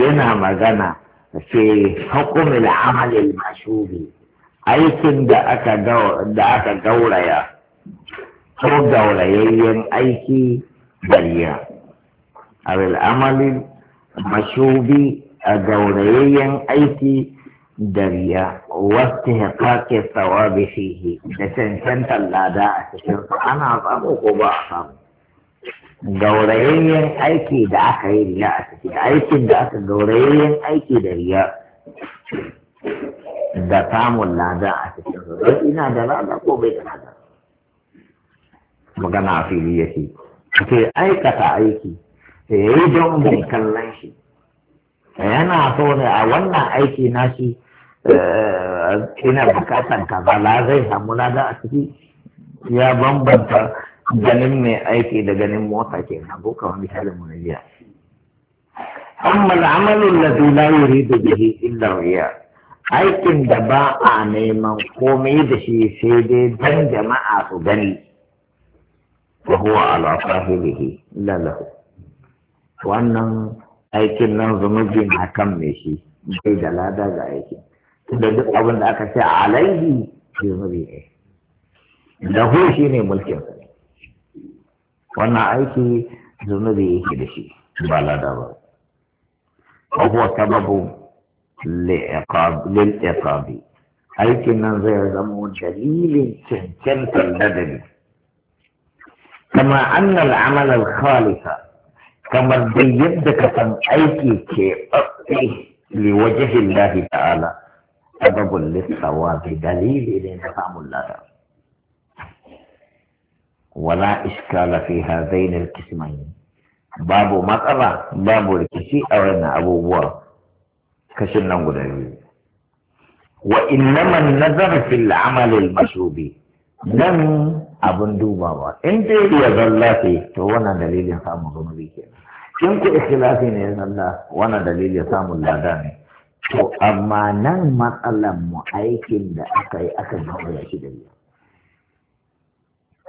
yana magana fi hukumin amalin mashuri aikin da aka gauraya ko gaurayayyen aiki bariya abin amalin mashubi a gaurayayyen aiki dariya wasu kake tsawa da cancantar lada a cikin ana samu ko ba a samu gaurayayyen aiki da aka yi riya a ciki aikin da aka gaurayayyen aiki da riya da samun lada a cikin su don ina da lada ko bai da lada magana a fili ya ce ke aikata aiki ya yi don bin kallon shi yana so ne a wannan aiki na shi eh, ina bukatan kaza la zai samu lada a ciki ya bambanta ganin mai aiki da ganin mota ke na boka wani misalin mu jiya amma al'amalu alladhi la da bihi illa riya aikin da ba a neman komai da shi sai dai dan jama'a su gani wa huwa ala sahibihi lahu wannan aikin nan zunubi na kan mai shi bai da lada ga aikin tunda duk abin da aka ce alaihi zunubi ne lahu ne mulkin wannan aiki zunubi yake da shi ba lada ba wa huwa sababu lil iqabi aikin nan zai zama dalilin cancantar ladabi kama annal amal al khalisa kamar dai yadda ka san aiki ke tsatsi li wajhillahi ta'ala sababun lissawa bi dalili ne na samun ladabi wala iskala fi hadain alqismain babu matsala babu rikici a wannan abubuwa kashin nan guda biyu wa innaman nazar fil amal al mashrubi nan abun dubawa in dai ya zalla to wannan dalilin samun zunubi kenan in ku ikhlasi ne ya zalla wana dalilin samun lada ne to amma nan matsalan mu aikin da aka yi aka gaba ya shi da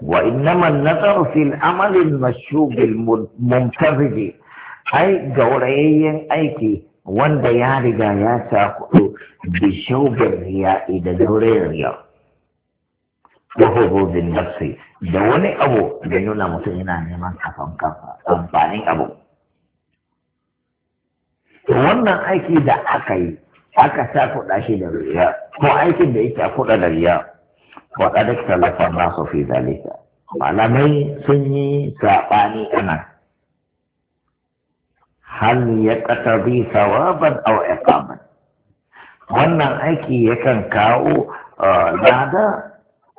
وإنما النظر في العمل المشوب الممتزج أي gaurayayyen aiki wanda ya riga ya sa kudu da shaubin riya'i da gaurayen riya wa hububin nafsi da wani abu da nuna mutum yana neman kafan kafa amfanin abu wannan aiki da aka yi aka sa kuɗa shi da riya ko aikin da yake kuɗa da riya وقد اختلف الناس في ذلك malamai sun yi saɓani ana hal ya ƙasari sawaban au iqaman wannan aiki yakan kawo lada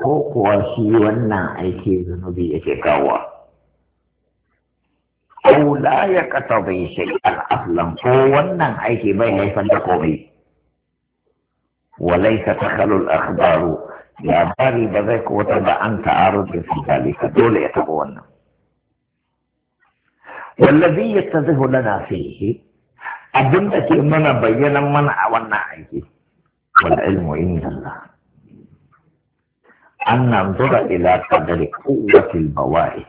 ko kuwa shi wannan aiki zunubi yake kawo au la ya ƙasari shay'an aslan ko wannan aiki bai haifar da komai Walaisa تخلو الأخبار يعتبر بذلك وتدع أن تعرض في ذلك دول يتبعون والذي يتضح لنا فيه أدنة أننا بينا من أولنا والعلم عند الله أن ننظر إلى قدر قوة البواعث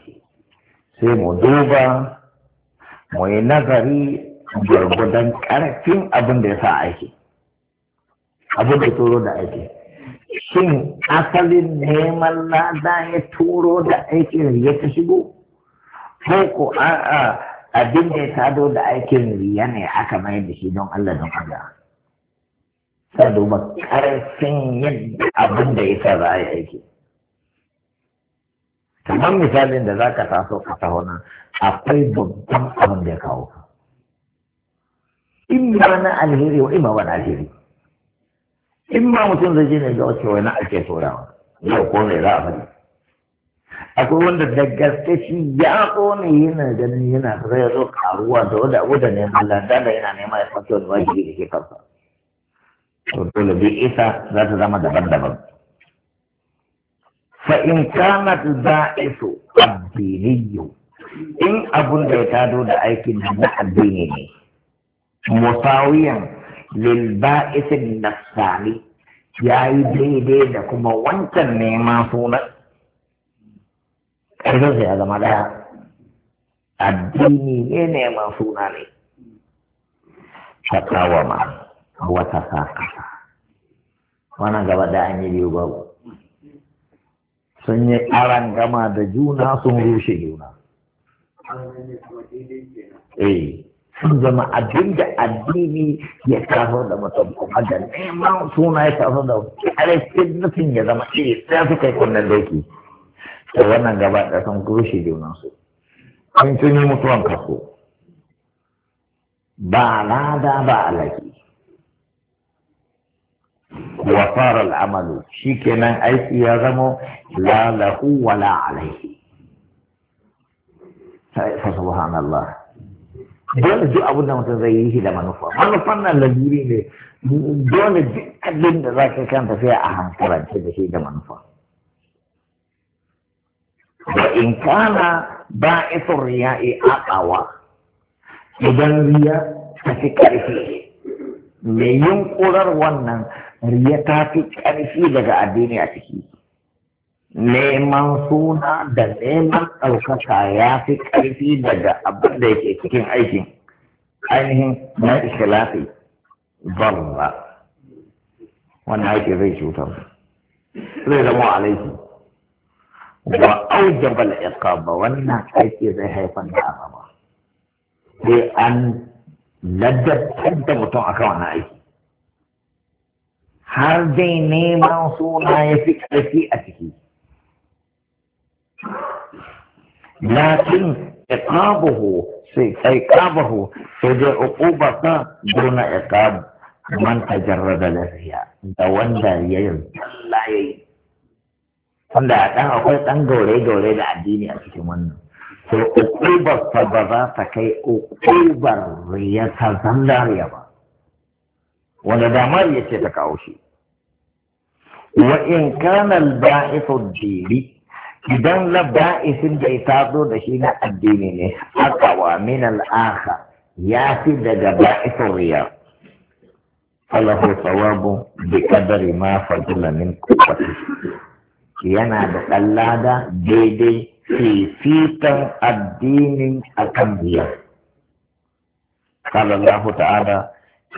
في دوبا وينظري بربدا كاركتين أبن دي ساعيه أبن دي تولو shin asalin neman lada ya turo da aikin ya ta shigo ko ko a'a abin da ya tado da aikin riya ne aka mayar da shi don Allah don Allah ka duba ƙarfin yin abin da ya sa za yi aiki kamar misalin da za ka taso ka taho nan akwai babban abin da ya kawo ka na alheri wa ima wani alheri in ba mutum zai je ne ga wace wani ake tsorawa yau ko mai za a faɗi akwai wanda da gaske shi ya tsone yana ganin yana zai ya zo karuwa da wanda abu da neman lada da yana neman ya fashe wani wajibi da ke kansa to dole bi isa za ta zama daban-daban fa in kana da'isu addiniyyu in abun da ya tado da aikin na addini ne musawiyan lil ba'isin nafsani ya yi daidai da kuma wancan neman sunan ƙarfinsa ya zama ɗaya addini ne neman suna ne shakawa ma wata sa kasa wannan gaba da an yi biyu babu sun yi ƙaran gama da juna sun rushe juna eh sun zama abin da addini ya taso da mutum kuma da neman suna ya taso da kyarfin nufin ya zama iri sai su kai kunnen doki to wannan gaba da sun rushe junansu an sun mutuwan kaso ba lada ba alaki wa fara al'amalu kenan aiki ya zama la lahu wala alaihi fa subhanallah dole duk abin da mutum zai yi shi da manufa manufan nan laluri ne dole duk abin da za kan tafiya a hankalance da shi da manufa wa in kana ba isun riya'i aqawa idan riya ta fi karfi mai yunƙurar wannan riya ta fi ƙarfi daga addini a ciki neman suna da neman ɗaukaka ya fi ƙarfi daga abin da yake cikin aikin ainihin na ikilafi barra wani aiki zai cutar zai zama a alaiki wa aujaba al-iqaba wannan aiki zai haifar da azaba sai an ladabtar da mutum akan wani aiki har dai neman suna ya fi ƙarfi a ciki lakin iqabuhu sai iqabuhu sai dai uquba ta duna iqab man tajarrada lafiya da wanda ya yi Allah wanda dan akwai dan gaure gaure da addini a cikin wannan to uquba fa ba za ta kai uqubar ta zandariya ba wanda damar ya ce ta kawo shi wa in kana al-ba'ithu ad idan labda'isin da ya taso da shi na addini ne haka wa min al'akha ya fi daga ba'isin riya falahu sawabu bi kadari ma fadila min kubbati yana da kallada daidai fifitan addinin akan biya قال الله تعالى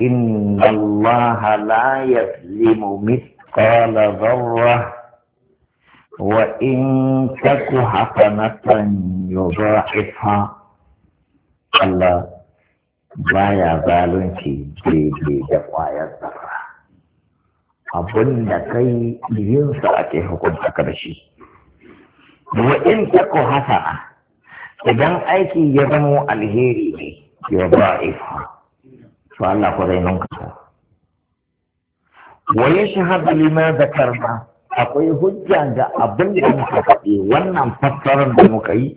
إن الله لا يظلم مثقال ذرة وإن تك حسنة fa? Allah baya zalunci daidai da ƙwayar zarra Abun da kai yinsa ake hukunta karshe wa in taku idan aiki ya zamo alheri ne ya ba ifa to Allah ko zai nunka wa yashhadu lima zakarna akwai hujja ga abin da muka faɗi wannan fassarar da muka yi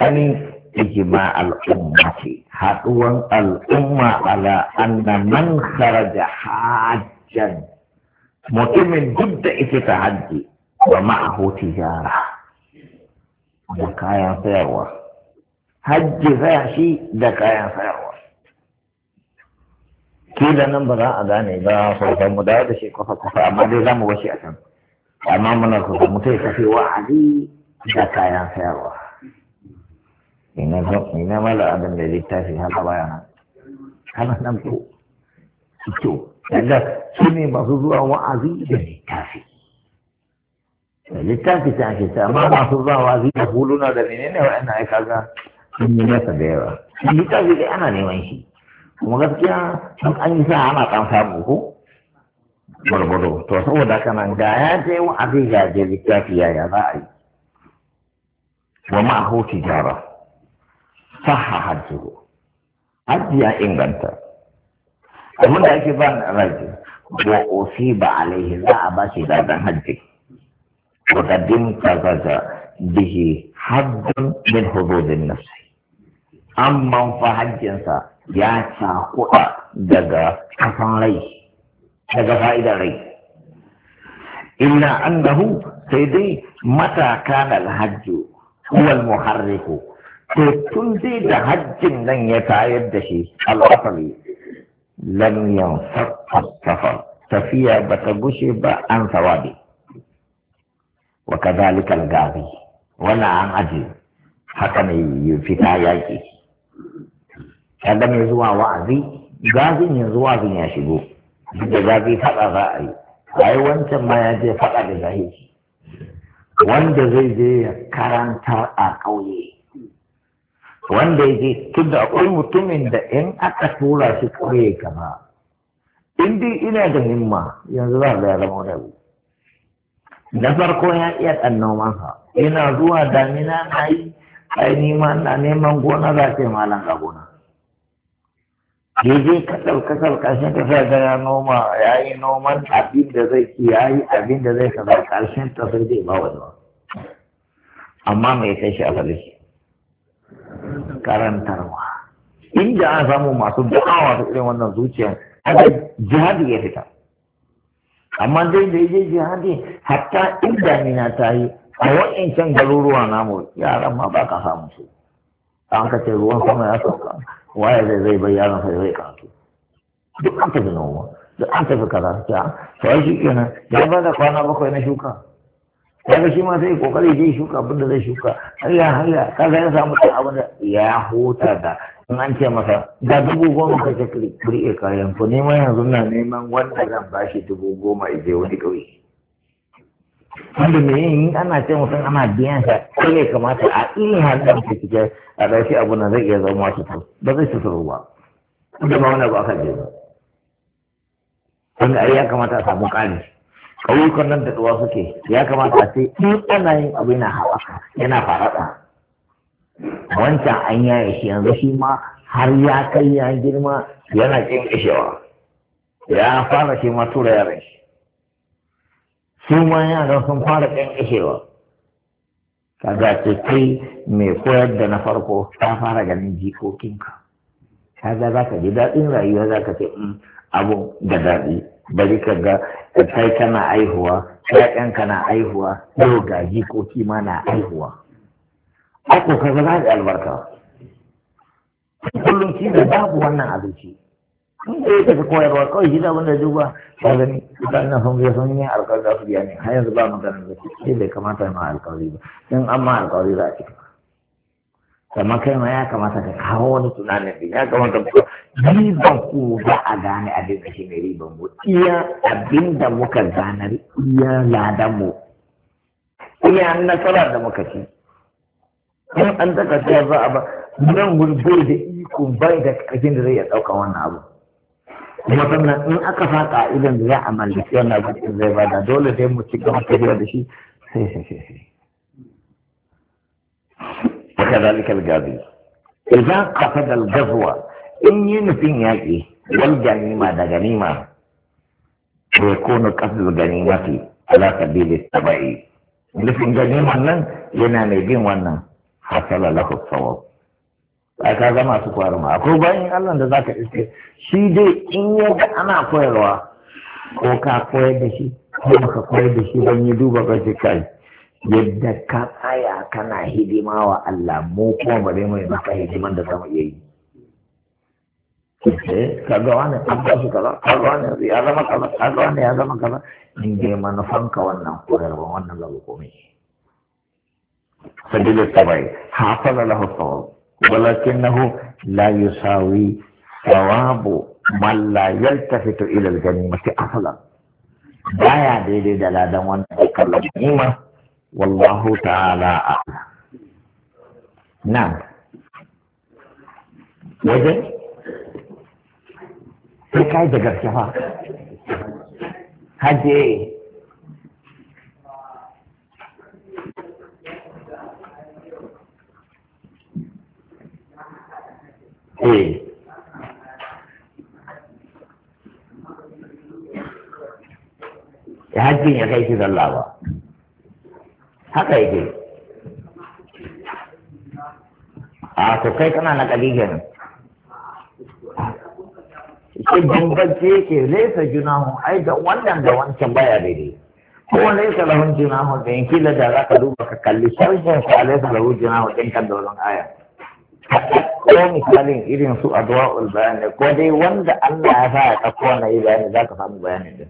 ani ijma al'umma ce haɗuwan al'umma ala anna man kharaja hajjan mutumin duk da ita ta hajji wa ma'ahu tijara da kayan sayarwa hajji zaya shi da kayan sayarwa da nan ba za a gane ba sosai mu dawo da shi kwafa kwafa amma dai za mu washe a can amma muna so mutum ya kafe wa'azi da kayan sayarwa ina mala abin da littafi haka baya nan Kana nan ko to daga su ne masu zuwa wa'azi da littafi littafi ta ake ta amma masu zuwa wa'azi da huluna da menene na ai kaga sun yi nasa da yawa littafi dai ana neman shi kuma gaskiya an yi sa ana kan samu ko مربوطه تو ده كمان ده هادي وعدي هادي الكافيه يا باي ومعه تجاره صح حجه حجي يا انجلترا ومن ذلك فان رجل وأصيب عليه لا أباس إذا حج وقدم كذا به حد من حدود النفس أما فحج ينسى daga fa'idan rai illa dahu sai dai mata kana alhajju huwa muharriku to tun dai da hajjin nan ya tayar da shi al'asali lam yanfaqqa safar tafiya bata gushe ba an sawabi wa kadhalika al-gazi an aji haka ne fita yaƙi? kaga mai zuwa wa'azi gazin yanzu wa'azin ya shigo da zafi faɗa za a yi ai wancan ma ya je faɗa da zahiri wanda zai je ya karantar a ƙauye wanda ya je tun da akwai mutumin da in aka tura shi ƙauye kama in dai ina da himma yanzu za a zama da na farko ya iya ɗan nomansa Ina zuwa damina na yi ai nima ma na neman gona za ta yi malam ga gona daidai ka ɗauka ƙarshen ta sa gana noma ya yi noman abin da zai ki ya yi abin da zai kaza ƙarshen ta sai zai ba wani amma mai kai shi a falishi karantarwa inda an samu masu da'awa masu irin wannan zuciyar haka jihadi ya fita amma dai da je jihadi hatta inda damina ta yi a wa'ancan garuruwa namu yaran ma ba ka samu su an ka ce ruwan sama ya sauka waye zai zai bayyana sai zai karatu duk an tafi noma duk an tafi kaza ta shi kenan ya ba da kwana bakwai na shuka kaga shi ma sai kokari zai shuka abinda zai shuka har ya har ya kaga ya samu ta abinda. da ya huta da in an ce masa da dubu goma ka ce kuri kayan ku neman yanzu na neman wanda zan bashi dubu goma ije wani ƙauye wanda me yin ana ce mutum ana biyan sa sai ne kamata a ilin halin da muke a ɗauki abu nan zai iya zama cutar ba zai cutar ba da ma wani ba aka je ba wanda ai ya kamata a samu ƙari ƙauyukan nan da ɗuwa suke ya kamata a ce in ana yin abu yana haɓaka yana faraɗa. wancan an yaya shi yanzu shi ma har ya kai ya girma yana ƙin ƙishewa ya fara shi ma tura yaran shi su ma yaran sun fara ishewa. kaga ce kai mai koyar da na farko ta fara ganin jikokinka kaga za ka ji daɗin rayuwa za ka ce mm, abu da daɗi bari ka ga kai kana aihuwa ƴaƴanka na aihuwa yau ga jikoki ma na aihuwa ako ga za ka albarka kullum shi da babu wannan abinci inda eh, ya tafi koyarwa kawai shi abin da duba ta gani ta ina son biya sun yi alkawari za su biya ne har yanzu ba magana da shi sai bai kamata ma alkawari ba in an ma alkawari za a ci kama kai ma ya kamata ka kawo wani tunanin da ya kamata ku riban ku za a gane abin da shi ne riban mu iya abin da muka ganar iya ladan mu iya nasara da muka ci in an daga za a ba nan gudu bai da ikon bai da kajin da zai iya ɗauka wannan abu kuma sannan in aka sa ka'idan da ya a shi wannan abin da dole dai mu cikin haka da shi sai sai da ni kan gazi. Iza ka fa in yi nufin yaƙi wal ganima da ganima ko ko na kasu da ganima ce a za ka bi Nufin ganima nan yana mai bin wannan hasala lafa sawa. a ka zama su kwaruma akwai bayan Allah da zaka iske shi dai in yadda ana koyarwa ko ka koyar da shi ko ka koyar da shi ban yi duba ga ce kai yadda ka tsaya kana hidima wa Allah mu ko bare mai maka hidiman da zama yayi yi ka ga wani an ba su kaza ka ga wani ya zama kaza ka ga wani ya zama kaza in dai ka wannan koyarwa wannan zamu komai sabila sabai hafaza lahu sawab Guzo lafiyar da ku lafiyar sawi tawabu mallayyar tafe to ilalganin mace a falon. Ba daidai da al'adar wani babban lamun masu walwahu ta ala'a. Na yaje kai ka gaishe gaske abin ya kai shi zalla ba haka yake a to kai kana na kalihin shi bambance yake laisa junahun ai da wannan da wancan baya daidai ko laisa lahun junahun da kila da za ka duba ka kalli sharhin sa laisa lahun junahun ɗin kan da aya ko misalin irin su adwa'ul bayan ko dai wanda Allah ya sa ya ɗauko wannan bayani za ka samu bayanin din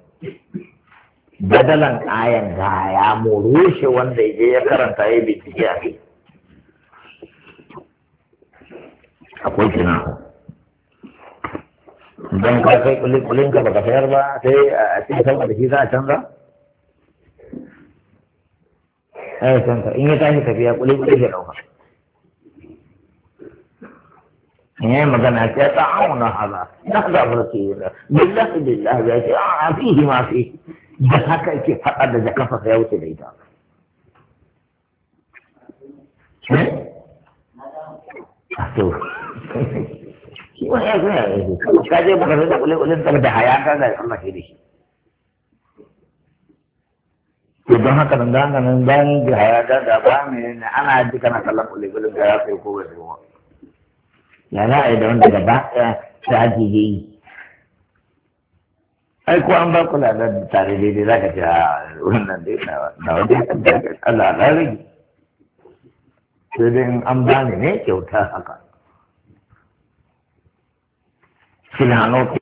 badalan ayan ga ya mu rushe wanda ya je ya karanta ya bincike a kai akwai kina don ka kai kulin ka baka sayar ba sai a cikin sama da shi za a canza ai canza in ya tashi tafiya kulin kulin ya dauka in yayi magana ce ta auna haza na zafi da ke yi da billahi billahi ya ce a fihi hima fihi da haka yake faɗa da jakarsa ya wuce da ita eh? ah, ka je baka da don haka nan da nan bayan da hayata da ba mai ana ji kana kallon kulin da ya kai ko bai ya za a yi da wanda gaba ɗaya ta ajiye yi ai ko an ba ku ladan tare daidai za ka ce ah, wannan dai na wajen Allah na rage sai dai an ba ni ne kyauta haka. Sinano